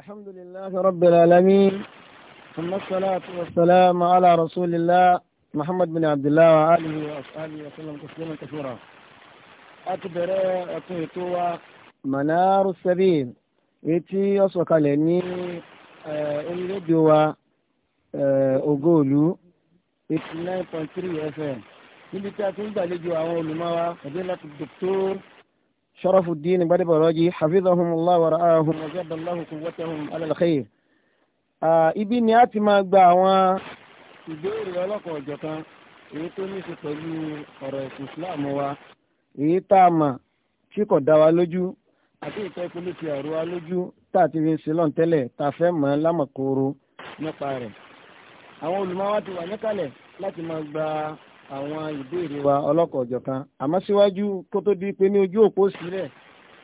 الحمد لله رب العالمين ثم الصلاة والسلام على رسول الله محمد بن عبد الله وآله وأصحابه وسلم تسليما كثيرا أكبر أتيتوا منار السبيل إتي أصوك لني إلدوا أقولوا 89.3 FM níbi tí a ti ń gbàlejò àwọn olùmọ̀ wa ọ̀dẹ́lẹ́kùn dókítà شرف الدين بدبراجي حفظهم الله ورعاهم وجب الله قوتهم على الخير ibi ni a ti máa gba àwọn ìbéèrè ọlọ́kan ọ̀jọ̀kan èyí tó ní ṣe pẹ̀lú ọ̀rọ̀ ẹ̀sìn Islam wa èyí tá a mà tí kò dá wa lójú àti ìtọ́ ìpínlẹ̀ ti àrò wa lójú tá a ti fi ń ṣe lọ́n tẹ́lẹ̀ tá a fẹ́ mọ̀ ẹ́ lámọ̀kòrò nípa rẹ̀. àwọn olùmọ̀ wa ti wà níkàlẹ̀ láti máa gba àwọn ìbéèrè wa ọlọ́kọ̀ ọ̀jọ̀kan àmọ́ síwájú kó tó di pé ní ojú òpó sílẹ̀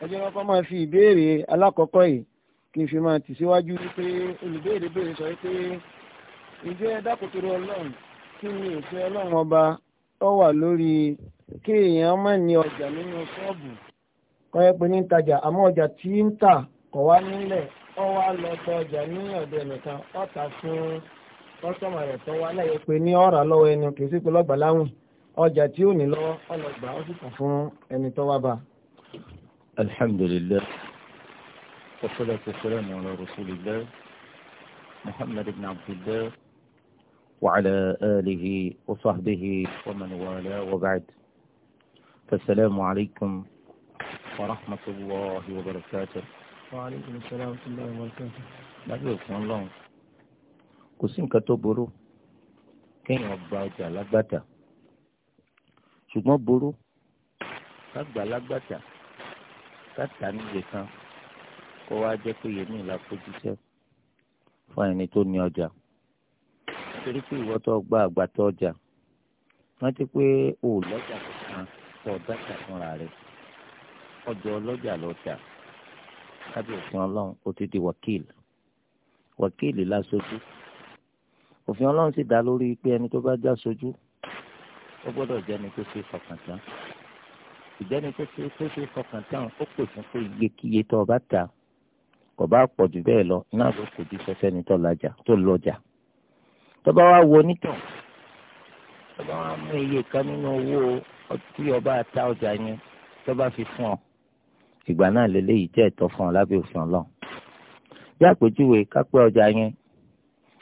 ẹ jẹ́ wọn kọ́ máa fi ìbéèrè alákọ̀ọ́kọ́ yìí kí n fi máa tì síwájú wípé olùbéèrè béèrè sọ pé ǹjẹ́ dákòtòrò ọlọ́run kí ni òfin ọlọ́run ọba ọ wà lórí kéèyàn má ní ọjà nínú ṣọ́ọ̀bù kọ́ ẹ pé ní tajà àmọ́ ọjà tí ń tà kọ̀ wá nílẹ̀ ọ wá lọ tọ ọjà ní ọ̀dọ̀ ẹ̀nìkan ọ̀tà fún kọ́sọ́mà rẹ̀ tọ́wọ́ aláyọ̀ pé ní ọ̀rà lọ́wọ́ ẹni kì í sí pé lọ́gbà láwìn ọjà tí ò ní lọ́wọ́ ọlọ́gbà ó sì kàn fún ẹni tọ́wọ́ bá. alhamdulillah wassalatu wassalamu ala rasulillah muhammad ibn abdillah wa alihi wa sahbihi wa man wala alaykum wa rahmatullahi wa barakatuh. wa alaykum assalam wa rahmatullahi lábẹ́ òkun ọlọ́run kò sí nǹkan tó burú kéèyàn gba ọjà lágbàtà ṣùgbọ́n burú ká gbà lágbàtà ká tà níye kan kó wá jẹ́ pé yèmí ìlà fojúsẹ́ fún ẹni tó ní ọjà nítorí pé ìwọ tó gba àgbàtà ọjà rántí pé o ò lọ́jà kankan tó dáta fúnra rẹ̀ ọjọ́ ọlọ́jà lọ́jà lábẹ́ òfin ọlọ́run ó ti di wákìlì wákìlì lásojú òfin ọlọ́run sì dá lórí pé ẹni tó bá já sojú ó gbọ́dọ̀ jẹ́ni tó ṣe fọkàn tán ìjẹ́ni tó ṣe tó ṣe fọkàn tán ó pè fún pé iyekíye tó bá ta kò bá pọ̀ jù bẹ́ẹ̀ lọ náà ló kò jí sọ́sẹ́ni tó lọ́jà tó lọ́jà tó bá wá wo onítàn tó bá wá mú iye kan nínú owó tí ọba ta ọjà yẹn tó bá fi fún ọ ìgbà náà lélẹ́yìí jẹ́ ẹ̀tọ́ fún ọ lábẹ́ òfin ọlọ́run bí àpèjúwe kápẹ́ ọjà yẹn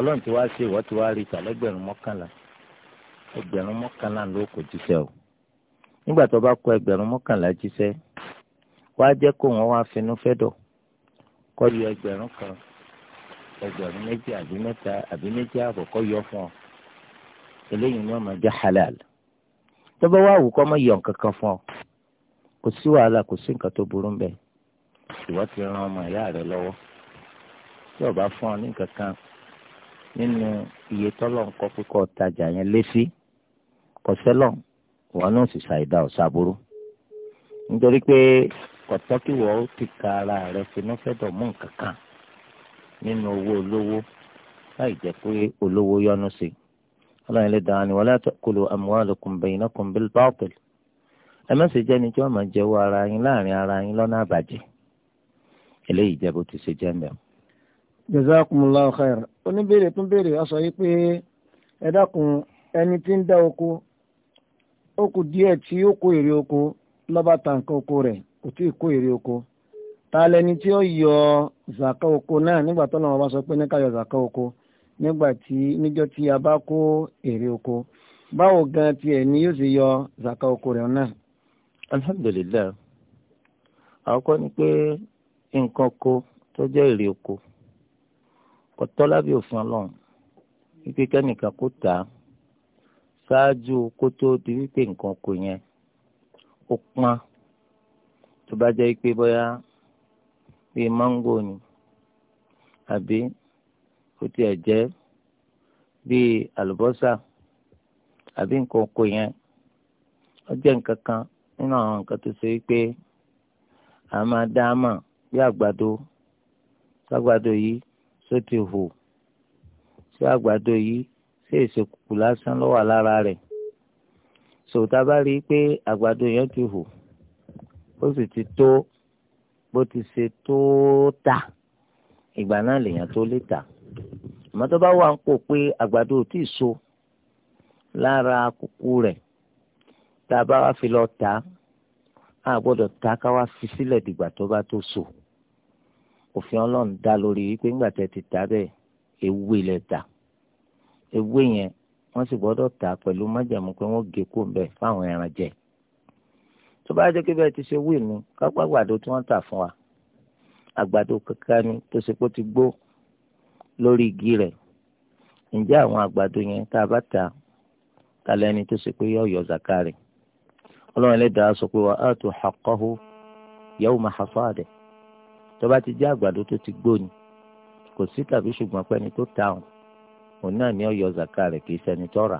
ọlọ́run ti wá ṣe ìwọ́ ti wá rí ìtà lẹ́gbẹ̀rún mọ́kànlá ẹgbẹ̀rún mọ́kànlá ló kò jíṣẹ́ o nígbà tó bá kó ẹgbẹ̀rún mọ́kànlá jíṣẹ́ wá jẹ́ kó wọ́n wá finú fẹ́dọ̀ kó yọ ẹgbẹ̀rún kan ẹgbẹ̀rún méjì àbí mẹ́ta àbí méjì ààbọ̀ kó yọ fún ọ eléyìí ni wọ́n máa jẹ́ halal tó bá wá wù kó má yọ nǹkan kan fún ọ kò sí wàhálà kò sí nǹkan tó burú ńbẹ̀ ìwọ ti ran ọmọ ìyá rẹ lọ́wọ́ tí o fún ọ ní nǹkan kan nínú iye tọ́lọ̀ ń kíkọ́ tajà yẹn lésì kọ́sẹ́lọ̀ wọn náà sì ṣàìdá ọ̀ṣàbúrú nítorí pé ti ka ara rẹ̀ finúfẹ́dọ̀ mú nǹkan kan nínú owó olówó láì jẹ́ pé olówó yọ́nú sí i ọlọ́run lè dáhùn ni ẹ má ṣe jẹ́ni ara yín ara yín lọ́nà àbàjẹ́ eléyìí jẹ́ bó jazakumullahu khair oníbèrè tún béèrè a sọ yìí pé ẹ dákun ẹni tí ń dá oko ó kù díẹ̀ tí ó kó èrè oko lọ́ba ta nǹkan oko rẹ̀ kò tí ì kó èrè oko ta lẹni tí ó yọ zàkà oko náà nígbà tó náà wọn bá sọ pé ní ká yọ zàkà oko nígbà tí níjọ́ tí a bá kó èrè oko báwo gan tiẹ̀ ni yóò sì yọ zàkà oko rẹ̀ náà. alhamdulilayi àkọ́kọ́ ni pé nǹkan ko tó jẹ́ èrè oko kọtọ lábẹ́ òfin Ọlọ́run wípé kẹ́nìkan kó tà á ṣáájú kó tó di wípé nǹkan kò yẹn ó pọ́n tó bá jẹ́ pé bóyá bíi máńgò ni àbí kò tiẹ̀ jẹ́ bíi àlùbọ́sà àbí nǹkan oko yẹn ó jẹ́ nǹkan kan nínú àwọn nǹkan tó ṣe wípé a máa bí àgbàdo àgbàdo yìí tó ti hù sí àgbàdo yìí sí èso kùkù lásán ló wà lára rẹ̀ sòtá bá rí i pé àgbàdo yẹn ti hù ó sì ti tó bó ti ṣe tó ta ìgbà náà lèèyàn tó lè tà àmọ́ tó bá wà ń pò pé àgbàdo ò tíì so lára kùkù rẹ̀ tá a bá wá fi lọ tà á gbọ́dọ̀ tà ká wá fi sílẹ̀ dìgbà tó bá tó so. òfin ọlọ́run dá lórí wípé ńgbà tẹ́ ti ta bẹ́ẹ̀ ewé lẹ̀ ta ewé yẹn wọ́n sì gbọ́dọ̀ ta pẹ̀lú májàmú pé wọ́n gé kó bẹ́ẹ̀ fáwọn ẹran jẹ tó bá jẹ́ ti ṣe wí mi kápá àgbàdo tí wọ́n tà fún wa àgbàdo kankan ni tó ṣe pé ó ti gbó lórí igi rẹ̀ ǹjẹ́ àwọn àgbàdo yẹn tá a bá ta ta lẹ́ni tó ṣe pé yọ zakari ọlọ́run ẹlẹ́dàá sọ pé tó bá ti jẹ́ àgbàdo tó ti gbó ni kò sí tàbí ṣùgbọ́n pẹ́ni tó ta òun òun náà ní ọyọ zaka rẹ̀ kì í ṣẹni tó rà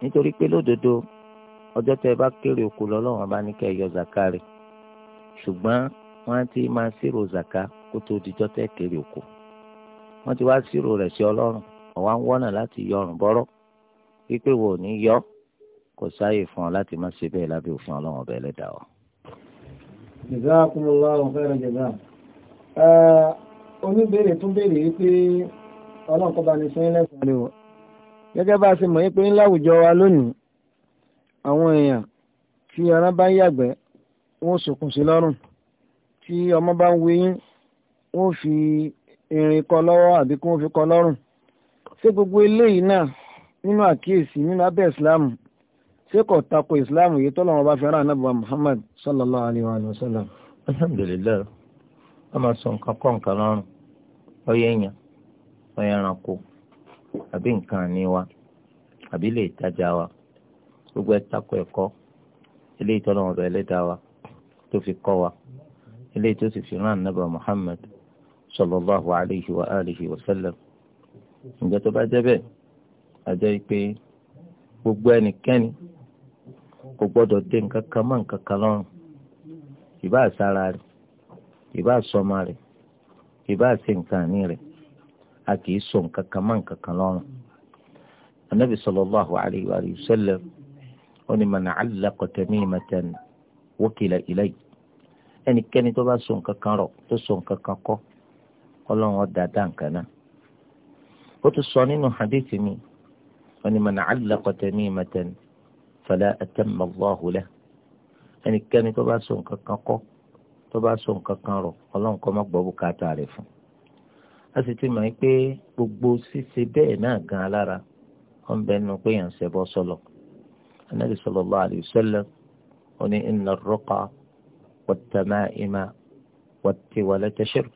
nítorí pé lódodo ọjọ́ tẹ́ bá kéré oko lọ́lọ́wọ́n bá ní kẹ́ yọ zaka rẹ̀ ṣùgbọ́n wọ́n ti máa ṣírò zaka kó tó dijọ́ tẹ́ kéré oko wọ́n ti wá ṣírò rẹ̀ sí ọlọ́run ọ̀wá ń wọ́nà láti yọ ọ̀rùn bọ́rọ́ wípé wo ò ní yọ kò sáàyè fún ọ láti má ṣe bẹ́ẹ̀ lábẹ́ òfin ọlọ́run ọ̀bẹ ẹlẹ́dàá ọ. Jazakumullahu khairan jazaa. oníbèrè tún béèrè wípé ọlọ́nkọ́ bá ní sún ilé ẹ̀sán rẹ̀ wọ̀. gẹ́gẹ́ bá a ṣe mọ̀ wípé ńlá àwùjọ wa lónìí àwọn èèyàn tí ara bá ń yàgbẹ́ wọ́n sòkùn sí lọ́rùn tí ọmọ bá ń wéyín wọ́n fi irin kọ lọ́wọ́ àbí kí wọ́n fi kọ lọ́rùn. ṣé gbogbo eléyìí náà nínú àkíyèsí nínú abẹ́ ìsìláàmù ṣé kò tako islam yìí tọ́lọ̀ wọn bá fi ara anábìwá muhammad sallallahu alayhi wa sallam. alhamdulilayi wọn máa sọ nǹkan kọ́ nǹkan lọ́rùn ọyẹ èèyàn ọyẹ ẹranko àbí nǹkan àní wa àbí ilé ìtajà wa gbogbo ẹ̀ tako ẹ̀kọ́ ilé ìtọ́lọ̀ wọn bá ẹlẹ́dàá wa tó fi kọ́ wa ilé tó sì fi rán anábìwá muhammad sallallahu alayhi wa alihi wa sallam. ǹjẹ́ tó bá jẹ́ bẹ́ẹ̀ àjẹ́ pé gbogbo ẹnikẹ́ni kò gbọ́dọ̀ dé nǹkan kan mọ́ nǹkan kan lọ́rùn ìbá àsára rẹ̀ ìbá àsọmọ rẹ̀ ìbá àṣe nǹkan àní rẹ̀ a kì í so nǹkan kan mọ́ nǹkan kan lọ́rùn. anabi sallallahu alayhi wa sallam ó ní man allaqa tamimatan wukila ilay ẹnikẹ́ni tó bá so nǹkan kan rọ̀ tó so nǹkan kan kọ́ ọlọ́run ọ̀dà dá náà. ó tún sọ nínú hadith mi ó ní man allaqa tamimatan wukila ilay fala atamma Allahu lahu ẹnikẹ́ni tó bá so nǹkan kan kọ́ tó bá so nǹkan kan rọ̀ ọlọ́run kọ́ má gbọ́ bùkátà rẹ̀ fún a sì ti mọ̀ ẹ́ pé gbogbo ṣíṣe bẹ́ẹ̀ náà gan alára wọ́n bẹ́ẹ̀ nu pé yàn ń ṣẹbọ sọ́lọ̀ anabi sallallahu alayhi wa sallam ó ní inna ar-ruqa wat-tama'ima wat-tiwalata shirk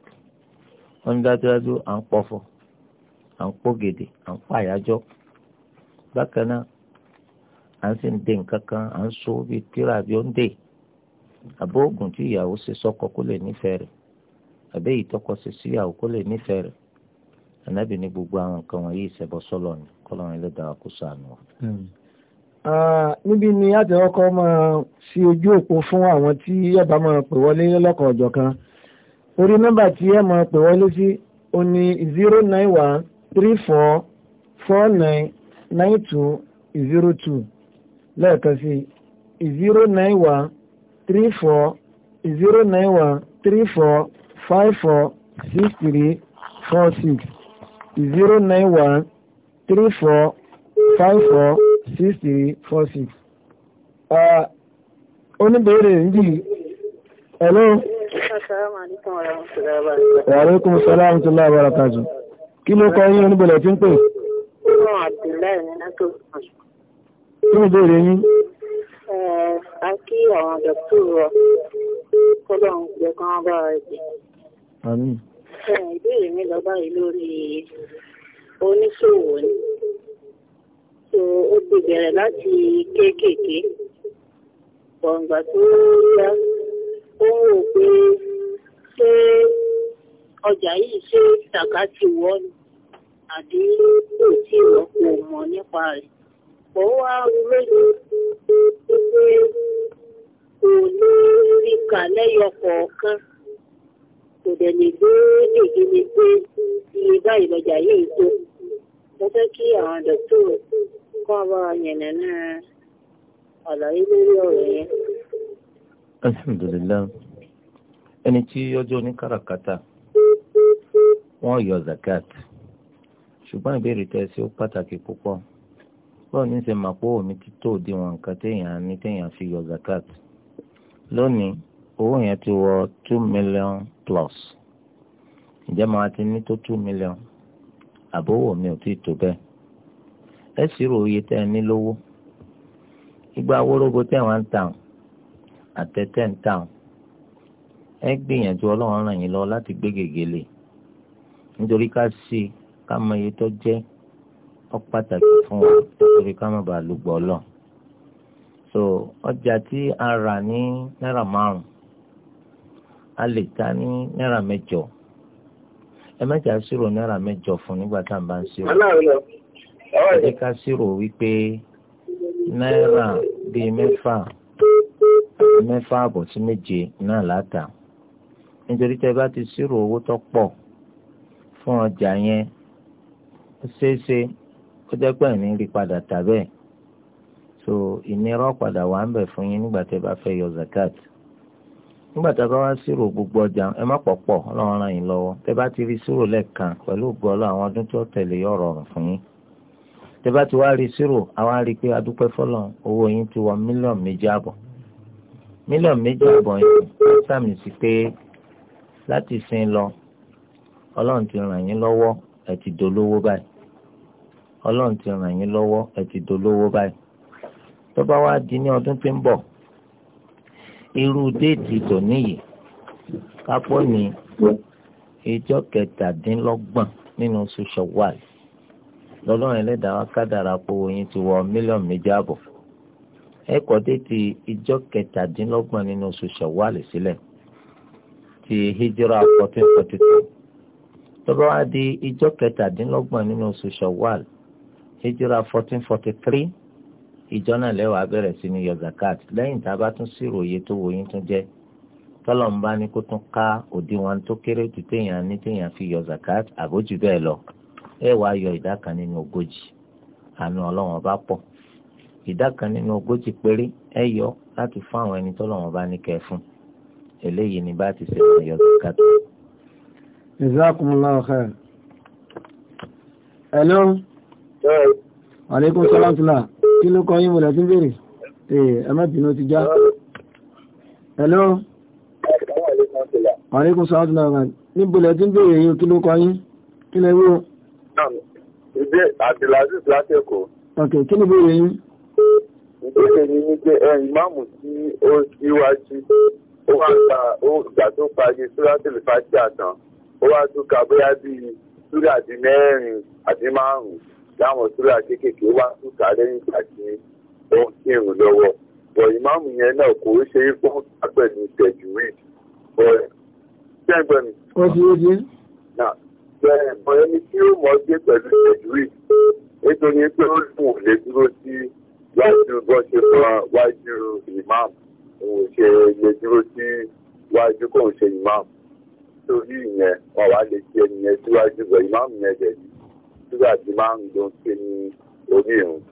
wọ́n dájúdájú à ń pọ̀fọ̀ à ń pògèdè à ń pàyàjọ́ bákan náà à ń sì ń de nǹkan kan à ń so bí tíra bí ó ń dè àbó oògùn tí ìyàwó ṣe sọ́kọ kó lè nífẹ̀ẹ́ rẹ̀ àbẹ́ ìtọ́kọ ṣe síyàwó kó lè nífẹ̀ẹ́ rẹ̀ ànábì ní gbogbo àwọn nǹkan wọ̀nyí ìṣẹ̀bọ sọ́lọ̀ ni kọ́lọ́run ẹlẹ́dàá kó sànù wa. níbi ni a ti kọ́kọ́ máa ṣí ojú òpó fún àwọn tí ẹ bá máa pè wọlé lọ́kọ̀ ọ̀jọ̀ kan orí nọ́mbà tí ẹ máa pè wọlé sí o ní zero nine one three four four nine nine two zero two lẹ́ẹ̀kan sí zero nine one three four zero nine one three four five four six three four six zero nine one three four five four six three four six. Uh, oníbèrè ń jì hello. asalaamualeykum wa rahmatulahi wa barakatu. wa aleykum salaam wa rahmatulahi wa barakatu. kí ló kọ́ yín oníbẹ̀rẹ̀ tí ń pè. ọ̀hún abdullahi nínú tó kàn. Fún ìbéèrè yín. A kí àwọn dọ̀tún rọ̀ kọ́lọ̀ ń jẹ kán bá ẹ̀jẹ̀. Àmín. Ìbéèrè mi lọ báyìí lórí oníṣòwò ni. So ó ti bẹ̀rẹ̀ láti kéékèèké. Gbọ̀ngbà tó yá, ó ń wò pé ṣé ọjà yìí ṣe tàkàtì wọ́ọ̀nù àbí kò tí ì rọ́pò mọ̀ nípa rẹ̀ mo wá orí pé kò ní rí kà lẹ́yọ kọ̀ọ̀kan kò dẹ̀ lè gbé èdè mi pé iye báyìí lọ́jà yìí tó mo fẹ́ kí àwọn dọ́kítọ̀ kọ́ bá yẹ̀nà náà àlàyé lórí ọ̀rọ̀ yẹn. alhamdulilayi ẹni tí ọjọ́ oníkàràkátà wọ́n yọ zakat ṣùgbọ́n ìbéèrè tẹ̀ sí ó pàtàkì púpọ̀ báwo ní ṣe màpò òní títò òdiwọ̀n nǹkan téèyàn ní téèyàn fi yọ zakat lónìí owó yẹn ti wọ two million plus ǹjẹ́ màá ti ní tó two million àbówò mi ò tíì tó bẹ́ẹ̀ ẹ sì rò iye tẹ́ ẹ ní lówó igba wórógo tẹ́ wọ́n ń tàn àtẹ́tẹ́ ń tàn ẹ gbìyànjú ọlọ́run ràn yín lọ láti gbé gègé lè nítorí ká sí ká mọ iye tó jẹ́ ó pàtàkì fún wa nítorí ká má bàa lùgbọ́ lọ. so ọjà tí a rà ní náírà márùn a lè ta ní náírà mẹ́jọ ẹ má jà ṣírò náírà mẹ́jọ fún nígbà tá à ń bá ń ṣírò ẹ jẹ́ ká ṣírò wípé náírà bíi mẹ́fà mẹ́fà àbọ̀ sí méje náà láta nítorí tẹ́ bá ti ṣírò owó tó pọ̀ fún ọjà yẹn ó ṣeé ṣe kó jẹ́ pé ẹ̀mí rí padà tà so ìnira padà wà ń bẹ̀ fún yín nígbà tẹ́ bá fẹ́ yọ zakat nígbà tẹ́ bá wá sírò gbogbo ọjà ẹ má pọ̀ pọ̀ ọlọ́run ràn yín lọ́wọ́ tẹ́ bá ti rí sírò lẹ́ẹ̀kan pẹ̀lú gbọ́lọ́ àwọn ọdún tó tẹ̀lé yọ rọrùn fún yín tẹ bá ti wá rí sírò àwa rí i pé adúpẹ́ fọlọ́ owó yín ti wọ mílíọ̀nù méjì àbọ̀ mílíọ̀nù méjì àbọ̀ yín sàmì sí pé láti sin lọ ọlọ́run ti ràn yín lọ́wọ́ ẹ̀ ti dolówó báyìí ọlọ́run ti ràn yín lọ́wọ́ ẹ ti dolówó báyìí tó bá wá di ní ọdún tí ń bọ̀ irú déètì tòní yìí kápọ́ ní ìjọ kẹtàdínlọ́gbọ̀n nínú oṣù Ṣawwal lọ́lọ́run ẹlẹ́dàá wa kádàrá pòwò yín ti wọ mílíọ̀nù méjì àbọ̀ ẹ kọ déètì ìjọ kẹtàdínlọ́gbọ̀n nínú oṣù Ṣawwal sílẹ̀ ti hijira fourteen forty two tó bá wá di ìjọ kẹtàdínlọ́gbọ̀n nínú oṣù Ṣawwal hijira fourteen forty three ìjọ náà lẹ́wàá bẹ̀rẹ̀ sí ní yọ zakat lẹ́yìn tá a bá tún sí ìròyìn tó wòyìn tún jẹ́ tọ́lọ́mùbá ní kó tún ká òdiwọ̀n tó kéré ju téèyàn ní téèyàn fi yọ zakat àbójú bẹ́ẹ̀ lọ ẹ wàá yọ ìdá kan nínú ogójì àánú ọlọ́run ọba pọ̀ ìdá kan nínú ogójì péré ẹ yọ láti fún àwọn ẹni tọ́lọ́run ọba ní kẹ́ fún eléyìí ni bá ti ṣe fún yọ zakat. jazakumullahu khair. hello. Àlékún Sọ́láńtìlá, kí ló kọ yín mọ̀lẹ̀ tí ń bèèrè? Ee, eh, ẹmẹ́bìnú ti já. Hello? Àlékún Sọ́láńtìlá, níbo lẹ̀ tí ń bèèrè yín kí ló kọ yín? Kí lẹ wó? Ìdí Abdulaziz láti Èkó. Ok, kí ni bèèrè yín? Ìbéèrè mi ni pé ẹ̀yìn eh, máàmù tí ó síwájú, ó wá gba ìgbà tó parí Súrátìlì Fáṣíà tán, ó wá tún ka bóyá bíi Súrà láwọn súrà kéékèèké wá ń kà lẹ́yìn ìgbà tí ó ń kírun lọ́wọ́ bọ̀ ìmáàmù yẹn náà kò ṣe é fún àgbẹ̀dù ìtẹ̀jú rí bọ̀ ṣẹ́gbẹ̀ mi. ó ti ó ti. bẹ́ẹ̀ bọ̀ ẹni tí ó mọ̀ ṣe pẹ̀lú ìtẹ̀jú rí nítorí pé ó lù ú lè dúró sí wájú bọ́ ṣe fún wájú ìmáàmù òun ṣe lè dúró sí wájú kò ń ṣe ìmáàmù torí ìyẹn wọn wá lè ṣe ẹnìyẹn síwájú bọ̀ ìmáàmù yẹn dẹ̀ ní nígbà tí máa ń gbọ́n ṣe ní orí ìrùn.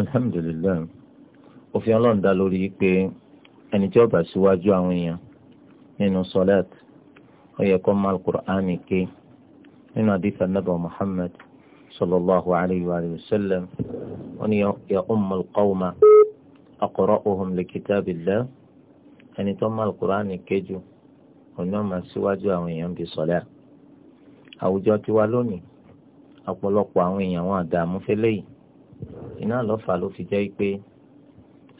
alhamdulilayi òfin ọlọ́run dá lórí pé ẹni tí ó bá síwájú àwọn èèyàn nínú sọlẹ́t ó yẹ kó máa qur'an ké nínú àdìsá nàbà muhammad sallallahu alayhi wa sallam ó ní ya ummul qawma aqra'uhum li kitabillah ẹni tó máa qur'an ké jù òun náà máa síwájú àwọn èèyàn bí ọ̀pọ̀lọpọ̀ àwọn èèyàn wọn àdààmú fẹ́lẹ́ yìí iná lọ́fà ló fi jẹ́ pé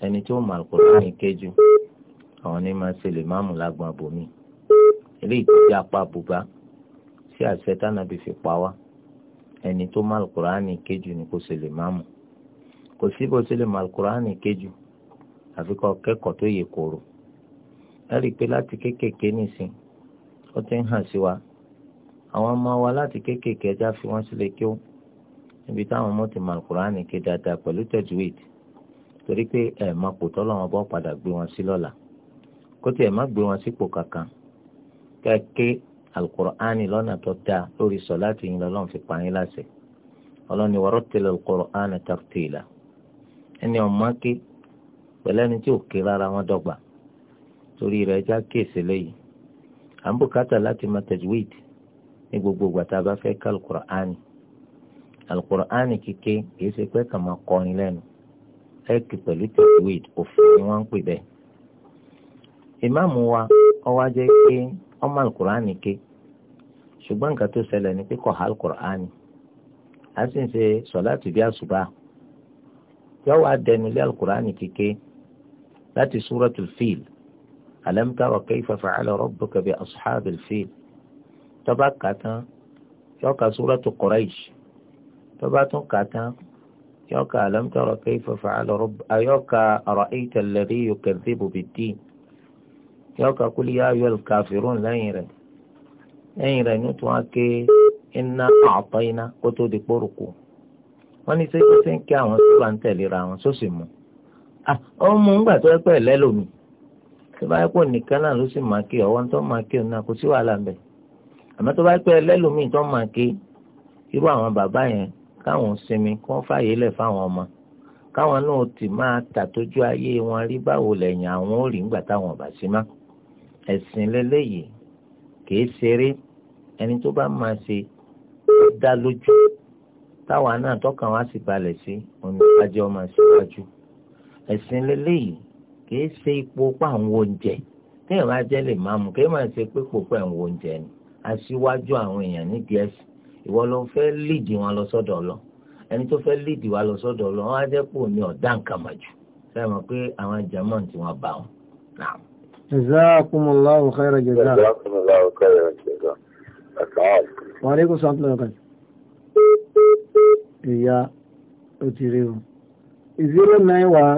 ẹni tó mọ àlùkùránì kéjú àwọn ní máa ṣe lè máàmù lágbọn àbòmí eléyìí ti jẹ́ apá bùbá sí àṣẹ tánàbí fi pa wá ẹni tó mọ kéjú ni kò ṣe lè máàmù kò sí bó ṣe lè mọ àlùkùránì kéjú àfi kọ́ kẹ́kọ̀ọ́ tó yẹ kóró ẹ rí i pé láti kéékèèké nìsín ó ti ń hàn sí wa àwọn ọmọ wa láti kéékèèké ẹja fi wọ́n sílẹ̀ kí ó níbi táwọn ọmọ ti mọ alukur'ani ké dáadáa pẹ̀lú tajwid torí pé ẹ̀ máa pò tọ́lọ́ wọn bọ́ padà gbé wọn sí lọ́la kó tiẹ̀ má gbé wọn sípò kankan kẹ́kẹ́ alukur'ani lọ́nà tó dáa lórí sọ láti yin lọ́lọ́run fi pa yín láṣẹ ọlọ́ni warattilil qur'ana tartila ẹni ọmọ ké pẹ̀lú ẹni tí ò ké rárá wọn dọ́gba torí rẹ̀ ẹja kéèsì lẹ́yìn àǹbùkátà láti máa tajwid ní gbogbo ìgbà tá a bá fẹ́ ká alukur'ani alukur'ani kíké kìí ṣe pé kàmá kọrin lẹ́nu ẹ̀kì pẹ̀lú tẹ̀wéèd òfin ni wọ́n ń pè bẹ́ẹ̀. ìmáàmù wa ọwọ́ ajẹ́ pé ọmọ alukur'ani ké ṣùgbọ́n nǹkan tó ṣẹlẹ̀ ni pé kò há alukur'ani a sì ń ṣe sọ̀láàtì bí àṣùbà yọ̀wọ́ adẹnulẹ̀ alukur'ani kíké láti súratul fíl alam tara kayfa fa'ala rabbuka bi ashabil fíl tó bá kà tán yóò ka suratu Quraish tó bá tún kà tán yóò ka alam tara kayfa fa'ala rabbuka yóò ka ara'ayta alladhi yukadhdhibu bid-din yóò ka kul ya ayyuhal kafirun lẹ́yìn rẹ̀ lẹ́yìn rẹ̀ ní tí wọ́n á ké inna a'tayna kó tó di kpórùkù wọ́n ní sẹ́yìn sẹ́yìn kí àwọn tó bá ń tẹ̀léra àwọn sósì mu ọmọ mú ngbà tó yẹ pẹ́ lẹ́lòmí tó bá yẹ kó nìkan náà ló sì máa ké ọwọ́ tó máa ké ọ̀nà kò sí wàhálà ń bẹ̀ẹ́ àmọ́ tó bá pẹ́ lẹ́lòmíì tó máa ké irú àwọn bàbá yẹn káwọn sinmi kí wọ́n fààyè lẹ̀ fáwọn ọmọ káwọn náà ti máa tàtójú ayé wọn rí báwo lẹ́yìn àwọn ò rí nígbà táwọn bá sí má ẹ̀sìn lélẹ́yìí kìí ṣeré ẹni tó bá máa ṣe ó dá lójú táwa náà tọkàn wá sì balẹ̀ sí onídàájọ́ máa ṣíwájú ẹ̀sìn lélẹ́yìí kìí ṣe ipò pàwọn oúnjẹ téèyàn bá jẹ́ lè máa mú kéèyàn máa ṣe pé pòpọ̀ ẹ̀wọ̀n oúnjẹ ni aṣíwájú àwọn èèyàn nídìí ẹ̀sìn ìwọ ló fẹ́ líìdì wọn lọ sọ́dọ̀ ọlọ ẹni tó fẹ́ líìdì wa lọ sọ́dọ̀ ọlọ wọn á jẹ́ pò ní ọ̀dà nǹkan màjù fẹ́ mọ̀ pé àwọn jàmọ́ tí wọ́n bá wọn. jazakumullahu khayra jaza. jazakumullahu khayra jaza. wa alaikum salaam kan. ìyá ó ti rí o zero nine one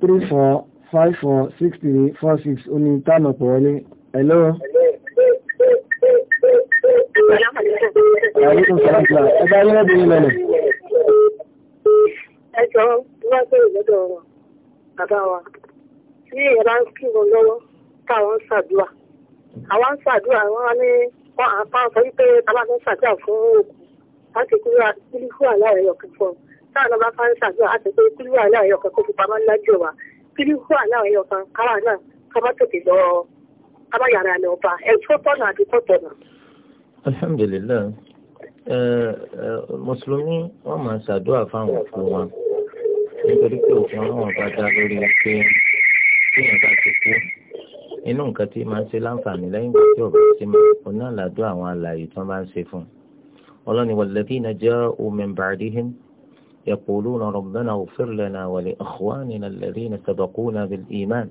three four five four six three four six ó ní táàmù pọ̀ wọlé hello. Àlékún sọ̀rọ̀ ìgbà. Ẹ bá yẹ́ bí mẹ́lẹ̀. Ẹ jọ wá sí ìgbẹ́dọ̀ wọn, bàbá wa. Tí ìyẹn bá ń kí wọn lọ́wọ́, táwọn ń ṣàdúrà. Àwọn ń ṣàdúrà wọn ní àpá sọ wípé bàbá tó ń ṣàdúrà fún òkú. Láti kúrú kílífù aláàrẹ ọ̀kan fún ọ. Táwọn bá fá ń ṣàdúrà láti pé kílífù aláàrẹ ọ̀kan kó fi pamọ́ lájọ wa. Kílífù aláàrẹ ọ̀kan kára náà ká má tètè lọ ká má yàrá lọ bá ẹ̀ tó tọ̀nà àti tó tọ̀nà. Alhamdulillah. mùsùlùmí wọ́n máa ṣàdúrà fáwọn òkú wọn nítorí pé òkú wọn wọ́n bá dá lórí pé wọ́n bá ti kú inú nǹkan tí máa ń ṣe láǹfààní lẹ́yìn ìgbà tí ọ̀rọ̀ sí máa ń náà làdó àwọn àlàyé tí wọ́n bá ń ṣe fún un ọlọ́ni wọlé walladhina ja'u min ba'dihim yaquluna rabbana ighfir lana wa li ikhwanina alladhina sabaquna bil iman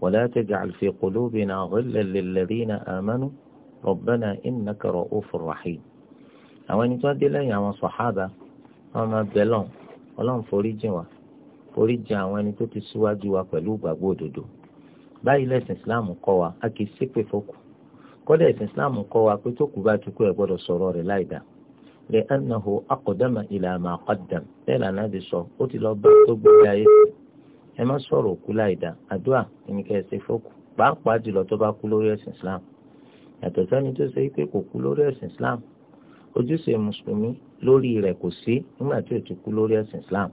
wa la taj'al fi qulubina ghillan lil ladhina amanu rabbana innaka ra'ufur rahim. àwọn ẹni tó dé lẹ́yìn àwọn sọ̀hábà wọn máa bẹ lọ́n ọlọ́run forí jìn wá forí jìn àwọn ẹni tó ti síwájú wa pẹ̀lú ìgbàgbọ́ òdodo báyìí lẹ́sìn islam kọ́ wa a kì í ṣépè fókù kọ́dà ẹ̀sìn islam kọ́ wa pé tó kù bá ti kú ẹ̀ gbọ́dọ̀ sọ̀rọ̀ rẹ̀ láì dáa lè ẹnahu akọ̀dàmà ìlà àmà àkọ́dàm bẹ́ẹ̀ lànà bí sọ ó ti lọ bá tó gbé ayé ẹ islam yàtọ̀ sẹ́ni tó ṣe pé islam ojúṣe mùsùlùmí lórí rẹ̀ kò sí nígbà tí ò ti kú lórí ẹ̀sìn islam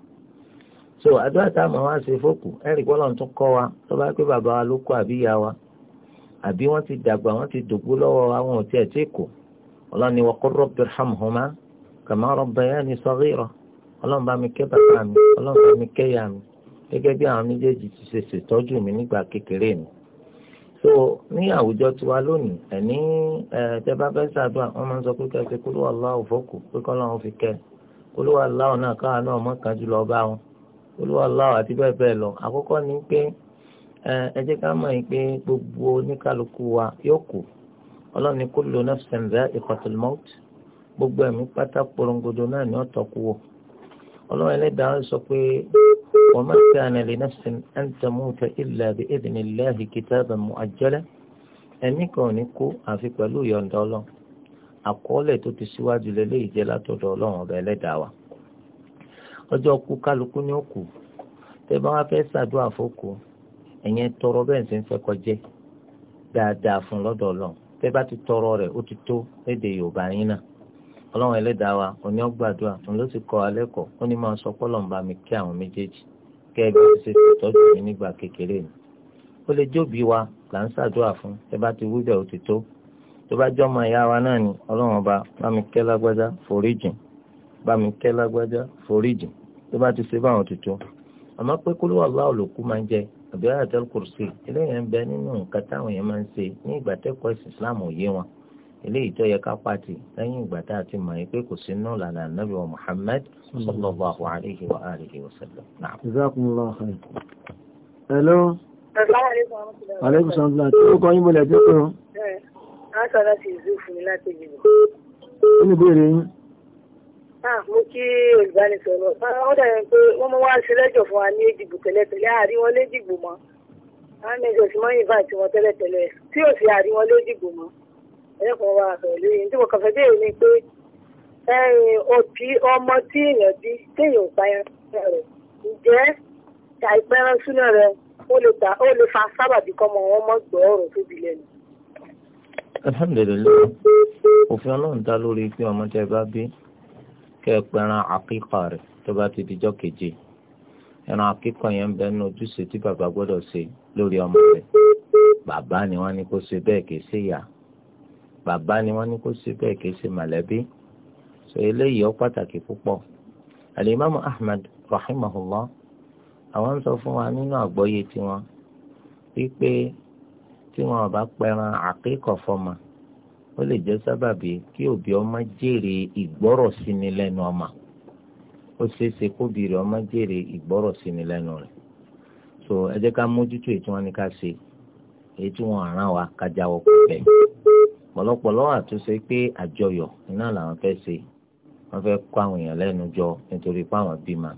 so àdúrà táwọn wá ṣe fókù ẹ̀rí pọ́lọ́n tún kọ́ wa tó bá pé bàbá wa ló kú àbí ìyá wa àbí wọ́n ti dàgbà wọ́n ti dògbó lọ́wọ́ àwọn òtí ẹ̀ tí kò ọlọ́run ni wa qur rabbi irhamhuma kama rabbayani saghira ọlọ́run bá mi kẹ́ bàbá mi ọlọ́run bá mi kẹ́ ìyá mi gẹ́gẹ́ bí àwọn méjèèjì ti ṣe ṣètọ́jú mi nígbà kékeré mi so ní àwùjọ tiwa lónìí ẹni tẹ bá fẹ́ ṣàdúrà wọ́n máa ń sọ pé kẹsì kúlú aláwọ̀ fọ́kù pé kọ́ làwọn fi kẹ́ kúlú aláwọ̀ náà káwọn náà mọ̀ kan jù lọ bá wọn kúlú aláwọ̀ àti bẹ́ẹ̀ bẹ́ẹ̀ lọ àkọ́kọ́ ni pé ẹ jẹ́ ká mọ̀ pé gbogbo oníkálukú wa yóò kù ọlọ́ni kúlú nafsin dha'iqatul maut gbogbo ẹ̀mí pátá porongodo náà ni ọ̀tọ̀ kú wọ ọlọ́run ẹlẹ́dàá sọ pé وما كان لنفس أن تموت إلا بإذن الله كتابا مؤجلا ẹ̀mí kan ò ní kú àfi pẹ̀lú ìyọ̀ǹda ọlọ́run àkọọ́lẹ̀ tó ti síwájú lélẹ́yìí jẹ́ látọ̀dọ̀ ọlọ́run ọba ẹlẹ́dàá wa ọjọ́ kú kálukú ní òkú tẹ́ bá wá fẹ́ ṣàdúrà fókù ẹ̀yẹn tọrọ bẹ́ẹ̀ sì ń fẹ́ kọjẹ́ dáadáa fún lọ́dọ̀ ọlọ́run tẹ́ bá ti tọrọ rẹ̀ ó ti tó léde yorùbá yín náà ọlọ́run ẹlẹ́dàá wa òní ọgbàdúrà òun ló sì kọ́ gẹ́gẹ́ bí ó ṣe tọ́jú mi nígbà kékeré mi ó lè jóbi wa là ń ṣàdúrà fún ẹ bá ti wí bẹ́ẹ̀ ó ti tó tó bá jọ́ ọmọ ìyá wa náà ni ọlọ́run ọba bá mi kẹ́ lágbájá foríjìn bá mi kẹ́ lágbájá foríjìn tó bá ti ṣe báwọn ti tó àmọ́ pé kó ló wà láwọn olùkú máa ń jẹ àbí àyàtọ̀ kùrùsì eléyìí ń bẹ nínú nǹkan táwọn èèyàn máa ń ṣe ní ìgbà tẹ́kọ̀ọ́ eléyìí tó yẹ ká pàtì lẹ́yìn ìgbà tá a ti mọ̀ pé kò sí nù lànà nàbì wa Muhammad sallallahu alayhi wa alihi wa sallam. jazakumullahu khairan. hello. aleykum salaam tí ó kọ́ yín bọ̀lẹ̀ tí ó kọ́. a sọ láti ìlú fún mi láti ìlú. ó ní ìbéèrè yín. mo kí olùbánisọ̀rọ̀ wọ́n dàbí pé wọ́n mú wá sí fún wa ní èdìbò tẹ́lẹ̀tẹ́lẹ̀ àárí wọn lédìgbò mọ́ àwọn ẹ̀jọ̀ sì mọ́ ẹ̀kọ́ wa pẹ̀lú yìí tí mo kàn fẹ́ ni pé òbí ọmọ tí èèyàn bí téèyàn ò báyà rẹ̀ ǹjẹ́ àìpẹ́ràn súná rẹ̀ ó lè fa sábàbí kọ́mọ wọn mọ́ gbọ́ ọ̀rọ̀ tóbi lẹ́nu. alhamdulilayi òfin ọlọ́run dá lórí pé ọmọ tẹ bá bí kẹ ẹ pẹran àkíkà rẹ̀ tó bá ti dijọ́ keje ẹran àkíkà yẹn ń bẹ nínú ojúṣe tí bàbá gbọ́dọ̀ ṣe lórí ọmọ rẹ̀ bàbá ni wọ́n ní kó ṣe bẹ́ẹ̀ kì í ṣe ìyá bàbá ni wọ́n ní kó ṣe bẹ́ẹ̀ kì í ṣe mọ̀lẹ́bí so eléyìí ó pàtàkì púpọ̀ alimami ahmed rahimahullah àwọn ń sọ fún wa nínú àgbọ́yé tiwọn wípé tí wọn bá pẹran àkíkọ̀ fọmọ ó lè jẹ́ sábàbí kí òbí ọmọ jèrè ìgbọ́rọ̀ síni lẹ́nu ọmọ ó ṣeé ṣe ọmọ jèrè ìgbọ́rọ̀ síni lẹ́nu rẹ̀ so ẹ jẹ́ ká mójútó ètò wọn ni ká ṣe ètò wọn àràn wa ká jáwọ́ pẹ̀lú pọ̀lọpọ̀lọ àtúnṣe pé àjọyọ̀ iná làwọn fẹ́ ṣe wọ́n fẹ́ kó àwọn èèyàn lẹ́nu jọ nítorí pé àwọn bímọ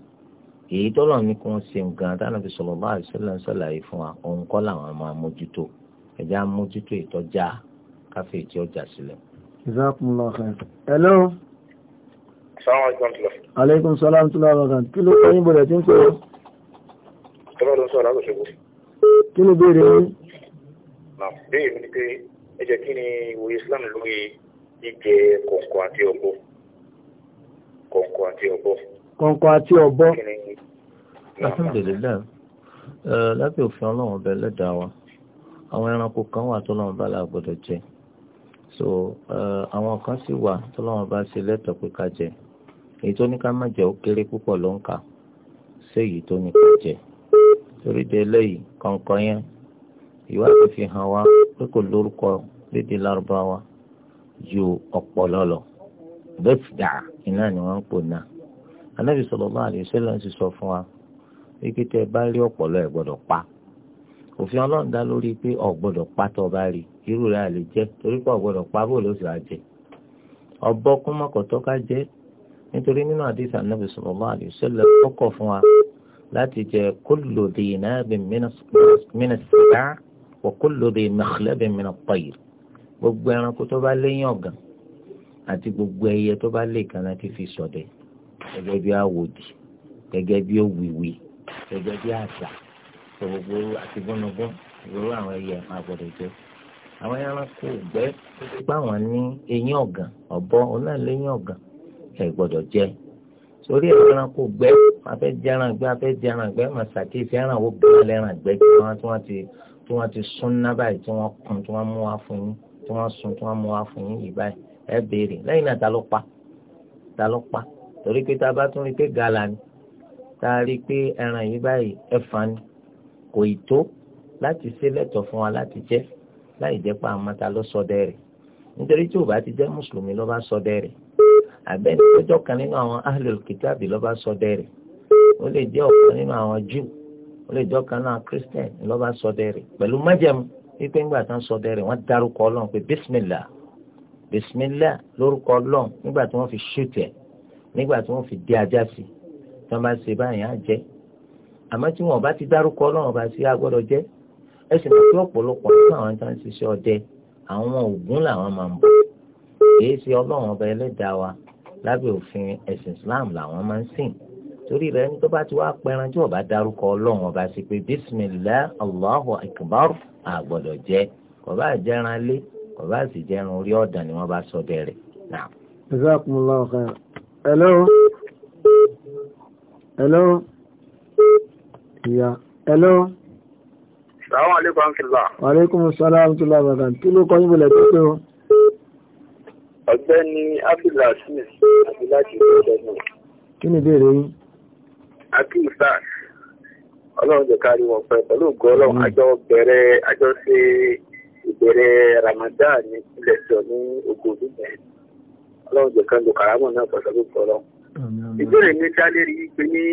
èyí tọ́lọ̀ ní kí wọ́n ṣe nǹkan tánàbí sallallahu alaihi wasallam ṣàlàyé fún wa òun kọ́ làwọn máa mójútó ẹ̀já mójútó ìtọ́já káfíń tí ó jà sílẹ̀. Jazakumullahu khairan. Hello. Aleykum salaam tula bakan. Kí ló wọ́n yínbọn ẹ̀tí ń pè ó? Tọ́lá ló ń sọ̀rọ̀ àgọ́ṣogbo. Kí ló béèrè yín? Béèrè mi ni pé ẹ jẹ́ kí ni ìwòye Islam lórí jíjẹ kọ̀ǹkọ̀ àti ọ̀bọ kọ̀ǹkọ̀ àti ọ̀bọ. kọ̀ǹkọ̀ àti ọ̀bọ. alhamdulilayi lábẹ́ òfin ọlọ́run ọbẹ̀ lẹ́dàá wa àwọn ẹranko kan wà tó lọ́wọ́ bá la gbọ́dọ̀ jẹ so àwọn kan sì wà tó lọ́wọ́ bá ṣe lẹ́tọ̀ọ́ pé ká jẹ èyí tó ní ká má jẹ ó kéré púpọ̀ ló ń kà séyìí tó ní ká jẹ torí de eléyìí kọ̀ǹkọ̀ yẹn iwa fi hàn wá pé kò lórúkọ lédè lárúbáwá ju ọ̀pọ̀lọ́ lọ bẹ́tìdà iná ni wọ́n ń pò náà anábì ti sọ fún wa wípé bá rí pa òfin ọlọ́run dá lórí pé ọ̀gbọ́dọ̀ pa tó bá rí irú rẹ̀ àlè jẹ́ torí pé ọ̀gbọ́dọ̀ pa bó ló sì jẹ nítorí nínú anábì wa kullu dhi makhlabin min at-tayr gbogbo ẹranko tó bá léyìn ọ̀gàn àti gbogbo ẹyẹ tó bá lè kànáà ti fi ṣọdẹ gẹ́gẹ́ bí àwòdì gẹ́gẹ́ bí òwìwí gẹ́gẹ́ bí àṣà gbogbo àti gbónúgbón ìrora àwọn ẹyẹ máa gbọ́dọ̀ jẹ àwọn ẹranko ògbẹ gbá wọn ní eyín ọ̀gàn ọ̀bọ onáìlẹ́yìn ọ̀gàn ẹ gbọ́dọ̀ jẹ sórí ẹranko ògbẹ afẹ́ jẹran gbẹ afẹ́ jẹran gbẹ màsàkì ìfẹ́ ẹran wo gbẹ lẹ́ran gbẹ kí wọ́n tí wọ́n ti tí wọ́n ti sún ná báyìí tí wọ́n kùn tí wọ́n mú wá fún yín tí wọ́n sun tí wọ́n mú wá fún yín yìí báyìí ẹ béèrè lẹ́yìn náà ta ló pa ta ló pa torí pé tá bá tún rí pé gàlà ni tá rí pé ẹran yìí báyìí ẹ̀fà ni kò ì tó láti ṣe lẹ́tọ̀ fún wa láti jẹ láì jẹ́ pé àwọn ta ló sọ dẹ́rẹ̀ nítorí tí ò bá ti jẹ́ mùsùlùmí ló bá sọ dẹ́rẹ̀ àbẹ́ni tó jọ́ kan nínú àwọn ahlul kitabi ló bá sọ dẹ́rẹ̀ ó lè jẹ́ ọ̀kan nínú àwọn Júù ó lè jọ́ kan náà christian lọ́ba sọdẹ rẹ̀ pẹ̀lú májẹ̀mú wípé ńgbà tán sọdẹ rẹ̀ wọ́n dárúkọ ọlọ́run pé bísímìlà bísímìlà lórúkọ ọlọ́run nígbà tí wọ́n fi ṣùtẹ̀ nígbà tí wọ́n fi dé ajá sí tí wọ́n bá ṣe báyìí á jẹ́ àmọ́ tí wọ́n bá ti dárúkọ ọlọ́run bá sí agbọ́dọ̀ jẹ́ ẹ sì mọ̀ pé ọ̀pọ̀lọpọ̀ nínú àwọn tó ń ṣiṣẹ́ ọdẹ àwọn ògún làwọn máa ń bọ̀ kì í ṣe ọlọ́run ọba ẹlẹ́dàá wa lábẹ́ òfin ẹ̀sìn Islam làwọn máa ń sìn torí rẹ̀ ní tó bá ti wá pẹran tí wọ́n bá darúkọ ọlọ́run ọba sí pé bísímìlá allahu akbar àgbọ̀dọ̀ jẹ́ kò bá jẹran lé kò bá sì jẹran orí ọ̀dàn ni wọ́n bá sọ bẹ̀rẹ̀ náà. jazakumullahu khairan. hello. hello. ìyá hello. Assalamu alaikum àǹkìlá. Wàlékún sọ́lá àǹkìlá bàbá. Kí ló kọ́ bọ̀lẹ̀ tó pé o? Ọ̀gbẹ́ni Abdullah Smith àti láti ìlú Ẹ̀dẹ́gbọ̀n. Kí ni ìbéèrè yín? akíngbà ọlọ́run jẹ́ kárí wọn pẹ́ pẹ̀lú ògo ọlọ́run mm. àjọ bẹ̀rẹ̀ àjọ ṣe ìbẹ̀rẹ̀ Ramadan ní ilẹ̀ sọ ní ògo ìdúgbẹ̀ ọlọ́run jẹ́ kan lo karamọ́ náà pẹ̀lú ògo ọlọ́run. ìbéèrè mi sáré rí pé ní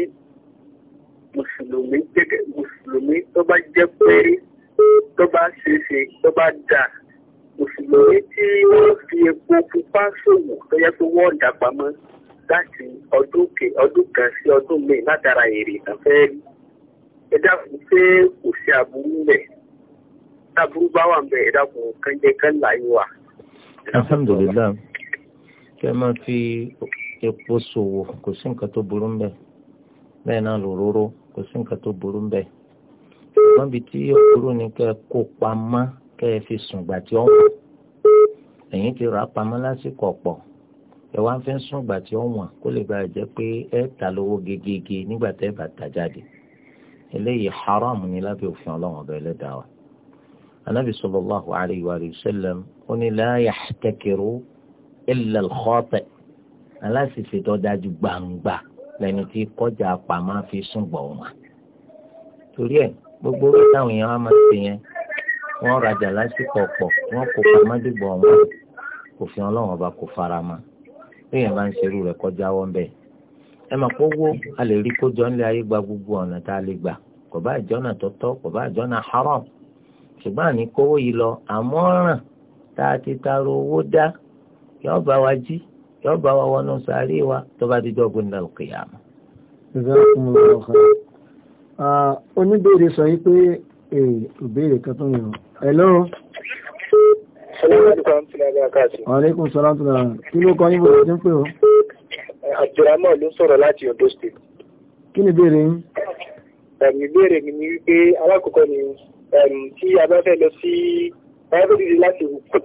mùsùlùmí jẹ́gẹ́ mùsùlùmí tó bá jẹ́ pé tó bá ṣeéṣe tó bá dà mùsùlùmí tí wọ́n fi epo pupa ṣòwò tó yẹ kó wọ́n dà pamọ́ láti ọdún kè ọdún kan sí ọdún míì látara èrè kan fẹ́ rí ẹ dákun pé kò sí aburú rẹ̀ táburú bá wà ńbẹ̀ ẹ dákun kan jẹ́ kan láyé wa. alhamdulilayi kí ẹ máa fi epo ṣòwò kò sí nǹkan tó burú ńbẹ̀ bẹ́ẹ̀ náà lòróró kò sí nǹkan tó burú ńbẹ̀ wọ́n bi tí yóò burú ni kẹ́ kó pamọ́ kẹ́ fi sùn gbàtí ọ̀hún ẹ̀yìn ti rà á lásìkò ọ̀pọ̀ ẹ wá ń fẹ́ sún ìgbà tí ó wọ̀n kó lè bàa jẹ́ pé ẹ ta lówó gegege nígbà tẹ́ bá ta jáde eléyìí haram ni lábẹ́ òfin ọlọ́run ọba ẹlẹ́dàá wa anabi sallallahu alayhi wa sallam ó ní la yahtakiru illa al-khati aláṣìṣe tó dájú gbangba lẹni tí kọjá pàmò fi sún gbọ̀n wa torí ẹ gbogbo owó táwọn èèyàn á máa ṣe yẹn wọ́n rajà lásìkò ọ̀pọ̀ wọ́n kó pamọ́ dìgbò ọ̀wọ́n òfin ọlọ́run ọba kò fara mọ́ téèyàn bá ń ṣerú rẹ̀ kọjá wọ́n bẹ́ẹ̀ ẹ mọ̀ ta a lè rí kó jọ ayé gba gbogbo ọ̀nà tá a lè gbà kò bá ìjọ́nà tọ́tọ́ kò bá ìjọ́nà haram ṣùgbọ́n àní kówó yìí lọ àmọ́ tá a ti taro owó dá yóò bá wa jí yóò bá wa wọnú sàárè wa tó bá ah, oníbèrè sọ yìí pé eh, kan tó yàn Àlékún salam tó dára. Kí ló kọ́ níbo tí ń pè ó? Àjọ̀rámọ̀ ló sọ̀rọ̀ láti Ondo State. Kí ni ìbéèrè yín? Ẹ̀mí ìbéèrè mi ni wípé alákọ̀ọ́kọ́ ni tí a bá fẹ́ lọ sí Bible Didi láti Wùkú.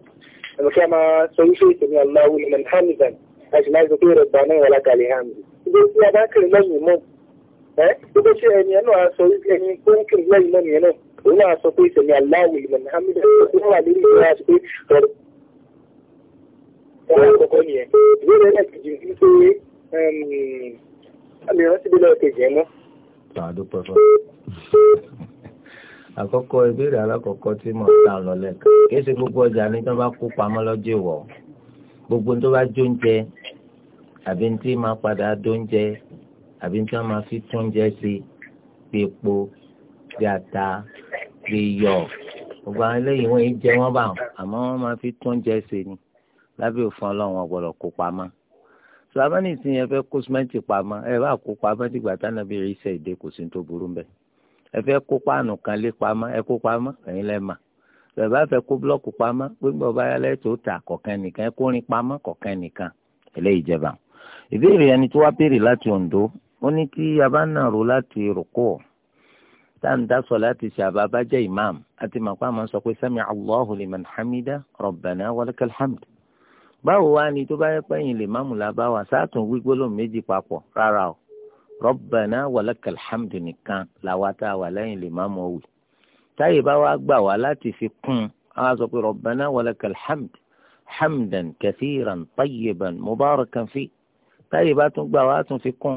Ẹ̀mí kí a máa sọ wípé ìtẹ̀mí Aláwo ni Mẹ́lì Hamilton àti láti sọ pé rẹ̀ gbà náà òun náà sọ pé ìsẹ̀mí aláwọ̀ ìmọ̀ muhammed tó wà lórí ìwé àti pé ọ̀rọ̀ ọ̀rọ̀ àkọ́kọ́ nìyẹn ìwé rẹ̀ náà kìjì ní pé àmì ìrántí bí lọ́ọ̀ kejì ẹ̀ mọ́. àkọ́kọ́ ìbéèrè alákọ̀ọ́kọ́ tí mo ta lọ lẹ́ẹ̀kan kì í ṣe gbogbo ọjà ní tó bá kó pamọ́ lọ́jọ́ ìwọ̀ gbogbo tó bá jóúnjẹ àbí tí máa padà dóúnjẹ àbí tí wọ́n máa fi túnjẹ sí bí epo bí ata bí yọ gbogbo àwọn eléyìí wọ́n yìí jẹ wọ́n bá wọn àmọ́ wọ́n máa fi tún oúnjẹ ṣe ni lábẹ́ òfin ọlọ́run wọn gbọ́dọ̀ kó pamọ́ sọ abánisìn yẹn fẹ́ kó sìmẹ́ǹtì pamọ́ ẹ bá kó pamọ́ dìgbà táwọn bí rí iṣẹ́ ìdè kò sí tó burú mbẹ́ ẹ fẹ́ kó páànù kan lé pamọ́ ẹ kó pamọ́ ẹ̀yin lẹ́ mà bàbá fẹ́ kó búlọ́ọ̀kù pamọ́ gbogbo ọba yálẹ̀ tó ta kọ̀ọ̀kan nìkan ẹ kó rin pamọ́ kọ̀ọ̀kan nìkan eléyìí jẹba ìbéèrè ẹni tó wá béèrè láti Ondo ó ní kí abánàró láti rò kó táǹdà sọlá ti ṣe àbábá jẹ́ imam àti màpá máa sọ pé sami allahu liman hamida rabbana walakal hamd báwo wá ni tó bá yẹ pé ẹ̀yin lè máàmù làbá wa sáàtún wí gbólóhùn méjì papọ̀ rárá o rabbana walakal hamd nìkan làwa tá a wà lẹ́yìn lè máàmù ọ̀wì táyè bá wá gbà wá láti fi kún un a sọ pé walakal hamd hamdan kathiran tayyiban mubarakan fi táyè bá tún gbà wá tún fi kún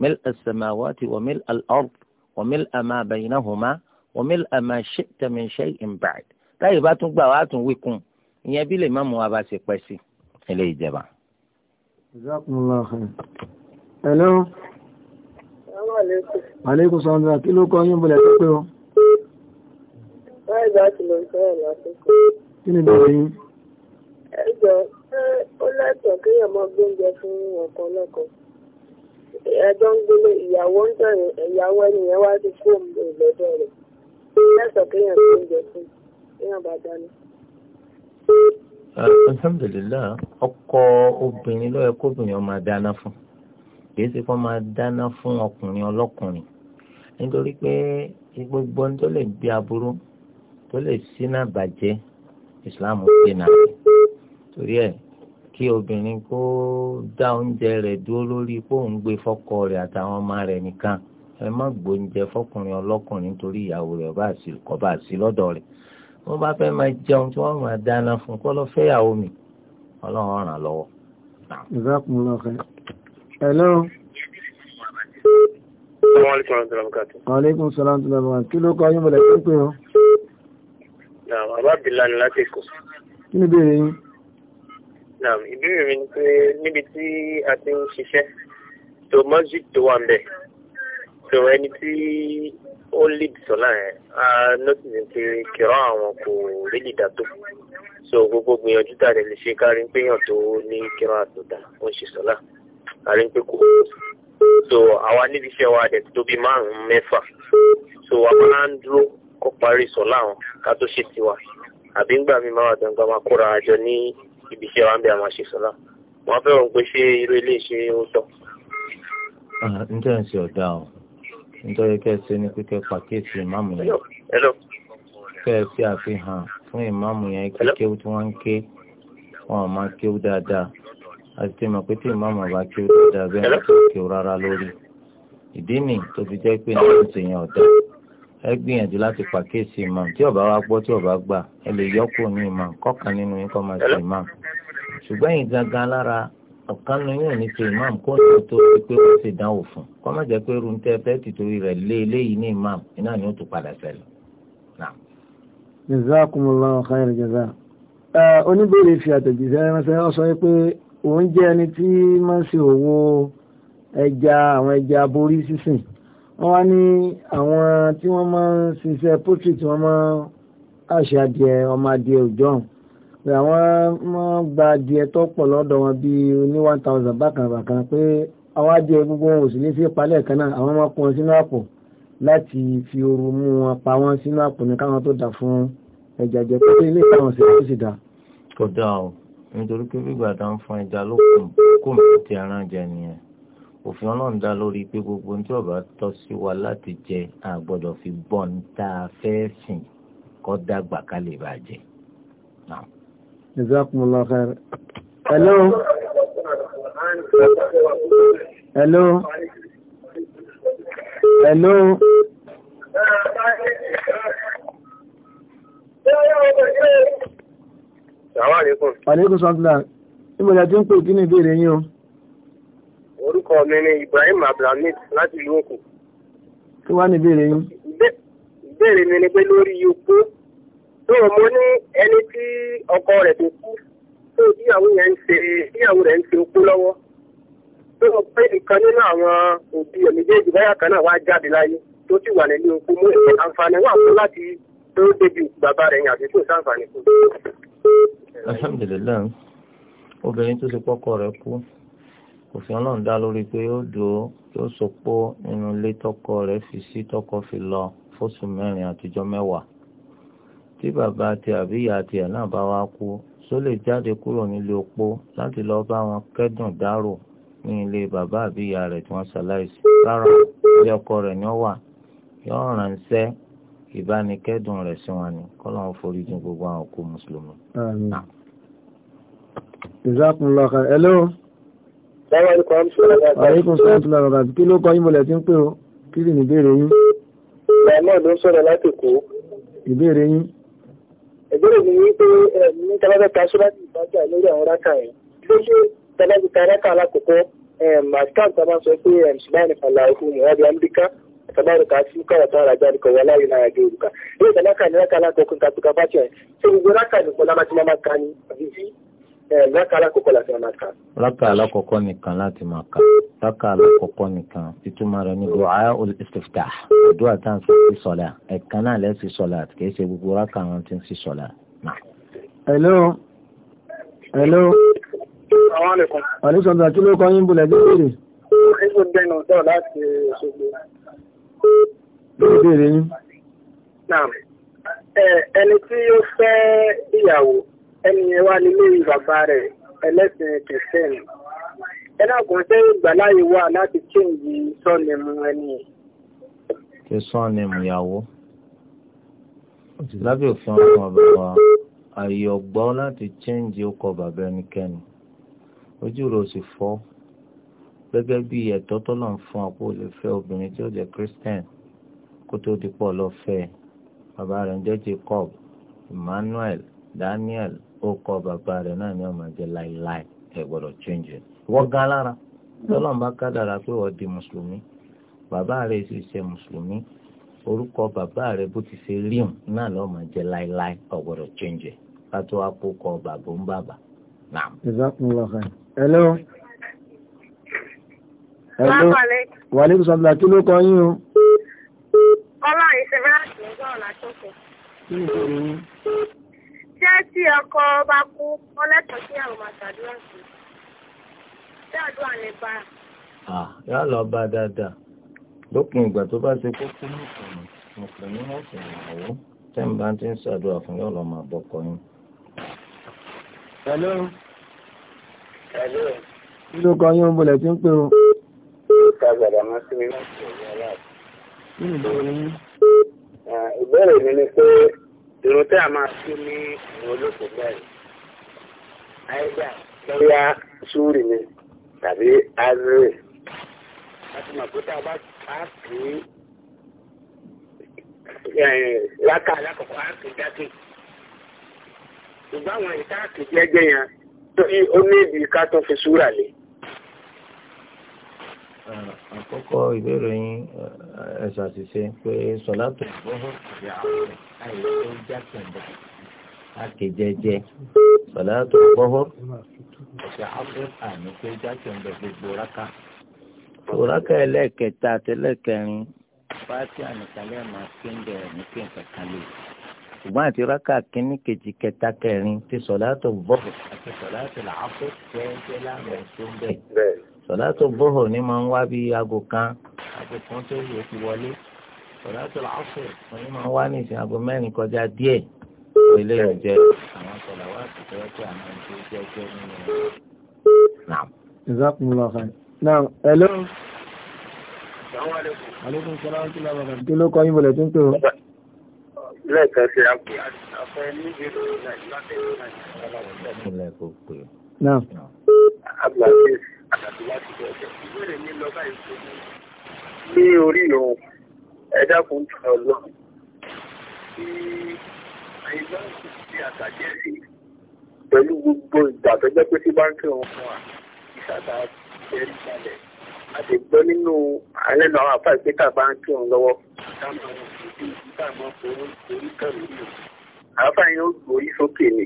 mil as wa mil al-ard وملء ما بينهما وملء ما شئت من شيء بعد táyì bá tún gbà wá tún wí kún ìyẹn bí lè má mú wa bá ṣe pẹ́ sí ilé ìjẹba. hello. aleykum salaam kí ló kọ́ yín bọ̀lẹ̀ tó pé o. báyìí bá ti lọ sọ́rọ̀ lásìkò. kí ni bẹ̀rẹ̀ yín. ẹ jọ ṣé ó lẹ́tọ̀ọ́ kéèyàn máa gbóúnjẹ fún ọ̀kan lọ́kọ̀ọ́. ẹjọ́ ń gbélé ìyàwó ń tọ̀rọ̀ ìyàwó ẹnìyẹn wá sí fóònù lọ́dọ̀ rẹ̀ lẹ́sọ̀ kéèyàn tó ń jẹ fún kéèyàn bá dání. ọkọ obìnrin ló kóbìnrin máa dáná fún kìí ṣe kó máa dáná fún ọkùnrin ọlọ́kùnrin nítorí pé gbogbo ohun tó lè aburú tó lè ṣe torí ẹ̀ kí obìnrin kó dá oúnjẹ rẹ̀ dúró lórí pé òun gbé fọ́kọ rẹ̀ àtàwọn ọmọ rẹ̀ nìkan ẹ má gbóúnjẹ fọ́kùnrin ọlọ́kùnrin torí ìyàwó rẹ̀ ọba àti kọba àti lọ́dọ̀ rẹ̀ wọ́n bá fẹ́ máa jẹun tí wọ́n máa dáná fún kọ́ lọ fẹ́yàwó mi ọlọ́run ràn lọ́wọ́. Aleykum salaam tó lọ́wọ́. Kí ló kọ́ yín mọ̀lẹ́ pé ó pè ọ́? Àbá Bìlá ni láti kù. Kí ni ìbéèrè yín? Naam, ìbéèrè mi ni pé ti ń ṣiṣẹ́, tó mọ́jì tó wà ń bẹ̀, tó ẹni tí ó lead sọ́lá a notice pé kìrọ́ àwọn kò really dà tó. So gbogbo gbìyànjú tá a lè ṣe kárí pé èèyàn tó ní kìrọ́ àtòdà ó ń ṣe sọ́lá. Àrí pé kò so àwa níbi iṣẹ́ wa dẹ̀ tó bí márùn-ún mẹ́fà. So wa máa ń dúró kó parí sọ́lá wọn ká tó ṣe tiwa. Àbí ń gbà mí máa wà tó ń gbà máa kóra ibi iṣẹ́ wa ń bẹ àwọn àṣìṣọ́lá wọ́n fẹ́ wọn pé ṣé irú ilé ṣe ó tọ́. ǹjẹ́ ah, ń ṣe ọ̀dà o nítorí kẹ́ ẹ ṣe ní pípẹ́ pàkíyèsí ìmáàmù yẹn kẹ́ ẹ fi àfihàn fún ìmáàmù yẹn kíkéwú tí wọ́n ń ké wọn ò máa kéwú dáadáa àti tí mo pé tí ìmáàmù bá kéwú dáadáa bẹ́ẹ̀ ni kò kéwú rárá lórí ìdí nì tó fi jẹ́ pé ní ìṣèyàn ọ̀dà ẹ gbìyànjú láti pàkíyèsí imam tí ó bá wá gbọ́ tí ó bá gbà ẹ lè yọkù ní imam kọkàn nínú yín kọ máa ṣe imam ṣùgbọ́n yìí gangan lára ọ̀kan nínú yóò ní ṣe imam kó ní o tó ṣe pé ó ṣe dánwò fún kọ́ má jẹ́ pé irun tẹ́ fẹ́ tìtorí rẹ̀ lé eléyìí ní imam iná ni ó tún padà ṣẹlẹ̀. jazakumullahu khairan jaza oníbèrè fi àtẹ̀jíṣẹ́ ránṣẹ́ ọ sọ pé òun jẹ́ ẹni tí máa ń ṣe òwò ẹja àwọn ẹja aborí sísìn wọ́n wá ní àwọn tí wọ́n máa ń ṣiṣẹ́ poultry tí wọ́n máa ń àṣẹ adìẹ ọmọ adìẹ òjọ́ pé àwọn máa ń gba adìẹ tó pọ̀ lọ́dọ̀ wọn bíi ní one thousand bákan bákan pé àwọn adìẹ gbogbo wọn ò sì ní sí palẹ̀ kan náà àwọn máa kó wọn sínú àpò láti fi ooru mú wọn pa wọn sínú àpò ní káwọn tó dà fún ẹja jẹ pé ilé ìtàn sì tó sì dà. kò dáa o nítorí pé gbígbà tá à ń fún ẹja ló kùn kùn ti aràn jẹ nìyẹn òfin ọlọ́run dá lórí pé gbogbo ní tí ọba tọ́ sí wa láti jẹ a gbọ́dọ̀ fi bọ́ ní tá a fẹ́ sìn kọ́ dàgbà ká lè bàa jẹ. jazakumullah khair. hello. hello. hello. Àwọn àlékún. Àlékún sọ́ńtìlá, ìmọ̀lẹ́ tí ń pè kí ni ìbéèrè yín o? orúkọ mi ni Ibrahim Abdulhamid láti ìlú Òkú. kí wàá ní ìbéèrè yín. ìbéèrè mi ni pé lórí opó tó mo ní ẹni tí ọkọ rẹ̀ tó kú tó yẹn ń ṣe rẹ̀ ń ṣe lọ́wọ́ tó mo pé nǹkan nínú àwọn òbí ẹ̀ méjèèjì báyà kan náà wá jáde láyé tó sì wà nínú opó mú àǹfààní wà fún láti tó débi bàbá rẹ̀ yàn àti tó fún. alhamdulilayi obìnrin tó ti kọ́kọ́ kú òfin ọlọ́run dá lórí pé ó dùn yóò sopó nínú ilé tọkọ rẹ̀ fi sí tọkọ fi lọ fóṣù mẹ́rin àtijọ́ mẹ́wàá tí bàbá àti àbíyá àti ẹ̀ náà bá wá kú só lè jáde kúrò nílé opó láti lọ bá wọn kẹ́dùn dárò ní ilé bàbá àbíyá rẹ̀ tí wọ́n ṣaláìsí rárá ilé ọkọ rẹ̀ ni ó wà yóò ránṣẹ́ ìbánikẹ́dùn rẹ̀ sí wọn ni kọ́lọ́n forí jìn gbogbo àwọn òkú mùsùlùmí. Jazakumullah khair. Àríkùn Sáńtìlá Rọ̀bà kí ló kọ́ yínbọ̀lẹ̀ tí ń pè ó kí sì ní ìbéèrè yín. Mohammed ń sọ̀rọ̀ láti Èkó. Ìbéèrè yín. Ìbéèrè mi ní pé ní Tẹ́lẹ́bẹ̀ta Ṣúláṣí ìbájà lórí àwọn rákà yìí. Kí ló ṣe Tẹ́lẹ́bẹ̀ta rákà alákòókò Màsíkàn tá a máa sọ pé Ṣùgbọ́n ìfàlà ìfún Mùhàbí Amíríkà tabaru ka su kawai tara jani ko wala yana ya joruka. Ina da laka ne laka laka kun ka tuka fatin. Sai gura ni ko rákà alákọ̀ọ́kọ́ láti máa kà. rákà alákọ̀ọ́kọ́ nìkan láti máa kà rákà alákọ̀ọ́kọ́ nìkan ìtumọ̀ rẹ̀ ní du'a al-istiftah àdúrà tá à ń fi sọ̀lá ẹ̀kan náà lẹ́sìn sọ̀lá àti kìí ṣe gbogbo rákà àwọn tí ń fi sọ̀lá. hello hello. assalamu alaikum. àlùsọ̀ ọ̀dà kí ló yín bulẹ̀ léèrè. èso dẹnu sọ láti Òṣogbo. léèrè yín. ẹni tí ó fẹ́ ìyàwó ẹni yẹn wá nílé bàbá rẹ̀ ẹlẹ́sìn kìrìsìtẹ́nì ẹlẹ́gùn ṣé ìgbàláyé wà láti chéǹjì sọ́ọ̀nìmù ẹni. ṣe sọ́ọ̀nìmù ìyàwó lábẹ́ òfin ọkọ̀ bàbá ààyè ọ̀gbọ́ láti chéǹjì ọkọ̀ bàbá ẹnikẹ́ni ojú rẹ̀ sì fọ́ gẹ́gẹ́ bí ẹ̀tọ́ tó lọ́n fún ọ pé o lè fẹ́ obìnrin tí ó jẹ́ christian kó tó di pọ̀ lọ fẹ́ bàbá rẹ̀ ń jẹ́ jacob emmanuel daniel ó kọ bàbá rẹ̀ náà ní ọmọ jẹ láéláé ẹ̀ gbọ́dọ̀ change wọ́n gan lára pé di mùsùlùmí bàbá rẹ̀ sì ṣe mùsùlùmí orúkọ bàbá rẹ̀ bó ti ṣe ríhùn náà lọ́ọ́ máa jẹ́ láéláé ọ̀ gbọ́dọ̀ change ká tó wá kó hello. kí ló kọ yín o. ọlọ́run ṣé tí ọkọ bá kú wọn lẹ́tọ̀ọ́ sí àwọn màtàdúrà sí ṣé lè bá a. yà lọ bá dáadáa lópin ìgbà tó bá ṣe kó kú mùsùlùmí mùsùlùmí náà sì rànwọ́ tẹ́ǹbà ti ń ṣàdúrà fún yọ̀ọ́ lọ́mọ àbọ̀kọ yín. hello. hello. kí ló kọ yín bọ̀lẹ̀ tí ń pè o. ká gbàdá máa ṣe é láti ọ̀rẹ́ aláàbò. kí ni ìbéèrè mi ni pé ìrò tí a máa sí ní ìrò olóṣèlú mẹ́rin àìgbà lọ́yà súrì ni tàbí azure láti mọ̀ pé tá a bá a kì í láka alákọ̀ọ́kọ́ a kì í jáde ṣùgbọ́n àwọn ìta kì í jẹ́jẹ́ yẹn torí ó ní ìdí ká tó fi súrà lé. àkọ́kọ́ ìbéèrè yín ẹ̀sà ti ṣe pé sọ̀lá tó ń bọ́ àìsàn ìjà kẹ̀ǹdà àkè jẹjẹ sọlá tó gbọ́họ́ ọ̀sẹ̀ áfẹ́ àmì pé ìjà kẹ̀ǹdà gbogbo rákà. òrákà ẹlẹ́ẹ̀kẹta àtẹlẹ́kẹrin fáti ànìkálẹ̀ máa kéńdé ẹ̀mí pé nǹkan kan lè. ṣùgbọ́n àti rákà kínní kejì kẹta kẹrin ti sọlá tó gbọ́họ́ àti sọlá tó làákó jẹ́jẹ́ láàrin tó ń bẹ̀. sọlá tó gbọ́họ́ ni máa ń wá bí aago kan aago kan tó yẹ ti wọlé sọ̀rọ̀tò làásù òní máa wá ní ìsìn aago mẹ́rin kọjá díẹ̀ ilé ìjẹ àwọn sọ̀rọ̀ wá sí tẹ́wọ́ tí àwọn ìṣe jẹ́ jẹ́ nínú rẹ̀. Naam. Jazakumullahu khairan. Naam, hello. Salaamaleykum. Aleykum salaam tí lọ́wọ́ kan. Kí ló kọ́ yín bọ̀lẹ̀ tó ń pè wọ́n? Lẹ́ẹ̀kan sí àpò àfẹ́ níbi ìròyìn Nàìjíríà tẹ̀lé Nàìjíríà. Naam. Abdulaziz Àdàbí láti bẹ̀rẹ̀. Ìbéèrè mi lọ báyìí ní orí ìròyìn ẹ̀dá kò ń tọ̀nà lọ. àìsàn kò sí àtàjẹ́ sí pẹ̀lú gbogbo ìgbà tó jẹ́ pé tí báńkì wọn fún wa ìṣàtà ẹ̀rí balẹ̀. a ti gbọ́ nínú alẹ́ náà àfa ìpẹ́tà báńkì wọn lọ́wọ́. àfa yẹn ó gbòóyí sókè ni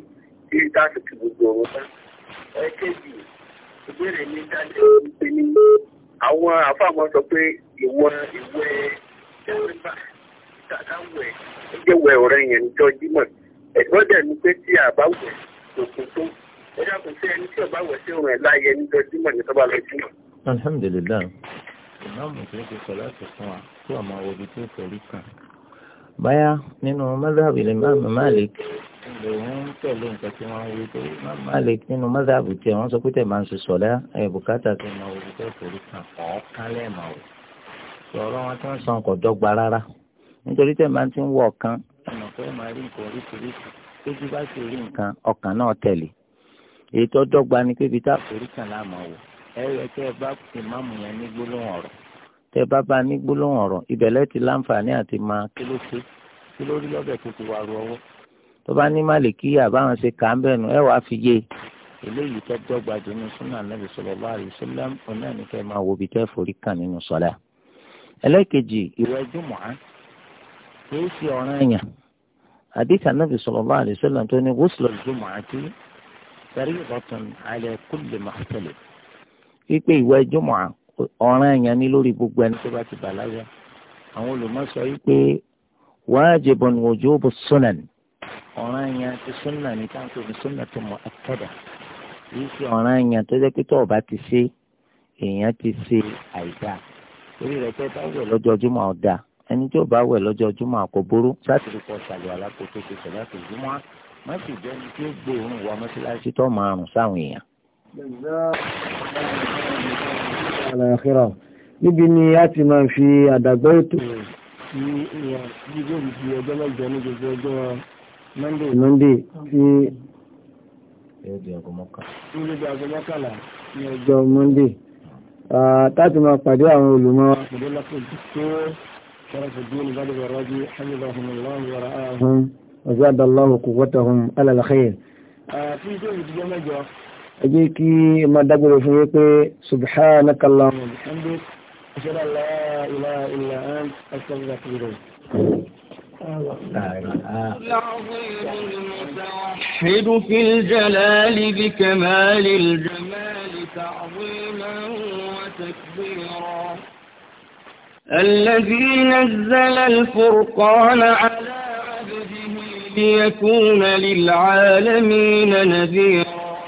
tí ìtàkì ti gbogbo ọ̀rọ̀ tán. ẹ̀kẹ́jì ìbéèrè mi dájú pé ní àwọn àfa àwọn sọ pé ìwọ ìwé ẹgbẹ́ wẹ ọ̀rẹ́ yẹn níjọ́ jímọ̀ ẹ̀gbọ́n dẹ̀ ni pé tí àbá wẹ̀ lòkùn tó ó yàtọ̀ sí ẹni tí ọba wẹ̀ sí òun ẹ̀ láàyè níjọ́ jímọ̀ ní tọ́ba lọ jímọ̀. alhamdulilayi ìmáàmù tó ti sọ láti fún wa tí ọmọ òbí tó fẹ̀rí kan báyá nínú mọ́sáàbì lè máàmù Malik lòun ń tẹ̀lé nǹkan tí wọ́n ń wí pé máàmù Malik nínú mọ́sáàbì tí wọ́n sọ pé tẹ̀ máa ń sọ sọ̀lá ẹ̀ bùkátà tó máa òbí tó fẹ̀rí kan ọ̀ọ́kálẹ̀ máa sọ̀rọ̀ wọn tí wọ́n san kò dọ́gba rárá nítorí tẹ̀ máa ti ń wọ ọ̀kan ọ̀nà pé ó máa rí nǹkan oríṣiríṣi tójú bá sì rí nǹkan ọkàn náà tẹ̀lé èyí tó dọ́gba ni pé ibi tá a forí kàn láàmú wò ẹ yẹ kí ẹ bá ìmáàmù yẹn ní gbólóhùn ọ̀rọ̀ tẹ bá bá ní gbólóhùn ọ̀rọ̀ ìbẹ̀lẹ̀ ti láǹfààní àti máa kí kí lórí lọ́bẹ̀ tó ti wà ru ọwọ́ tó bá ní màlìkíyà báwọn ṣe kà á bẹ̀nu ẹ wàá fi yé eléyìí tó dọ́gba jù ní súnà nàbì sallallahu alaihi wasallam onáà ní kẹ́ máa wo ibi tẹ́ forí kàn nínú sọ́lá ẹlẹ́ẹ̀kejì ìwẹ̀ jùmọ̀á kìí ṣe ọ̀ranyàn àdìsí anábì sallallahu alaihi wasallam tó ní ghuslul jumu'ati fariidatan ala kulli muhtalim. wípé ìwẹ̀ jùmọ̀á ọ̀ranyàn ní lórí gbogbo ẹni tó bá ti bàlágà àwọn olùmọ̀sọ wípé wajibun wujubu sunan ọ̀ranyàn ti sunan ní táǹkì ní sunnatun mu'akkada kìí ṣe ọ̀ranyàn tó jẹ́ pé tó bá torí rẹ̀ tẹ́ bá wẹ̀ lọ́jọ́júmọ́ ọ̀dà ẹni tí ò bá wẹ̀ lọ́jọ́júmọ́ kò burú sátìrì kọ sàlẹ̀ alákòóso ṣe sọ̀rọ̀ àti ìjùmọ́ má sì jẹ́ ẹni tí ó gbé òun wọ mọ́ṣáláṣí tó máa rùn sáwọn èèyàn. níbi ni a ti máa fi àdàgbọ́ ètò ní ìyàn jíjẹ́ ìdí ọjọ́ mẹ́jọ ní gbogbo ọjọ́ monday monday tí ní gbogbo àgọ́ mọ́kànlá ní ọjọ́ monday. تاتي ما الطبيعة يعمل لما أقول لك الدكتور شرف الدين بلغ الرجل حمدهم الله ورآهم وزاد الله قوتهم على الخير في جوة جمع جوة ما دقل فيك سبحانك الله وبحمدك أشهد أن لا إله إلا أنت أستغفرك بذلك العظيم المتوحد في الجلال بكمال الجمال تعظيما تكبيرا الذي نزل الفرقان على عبده ليكون للعالمين نذيرا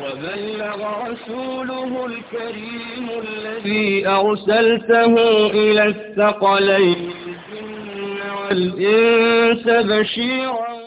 وبلغ رسوله الكريم الذي أرسلته إلى الثقلين والإنس بشيرا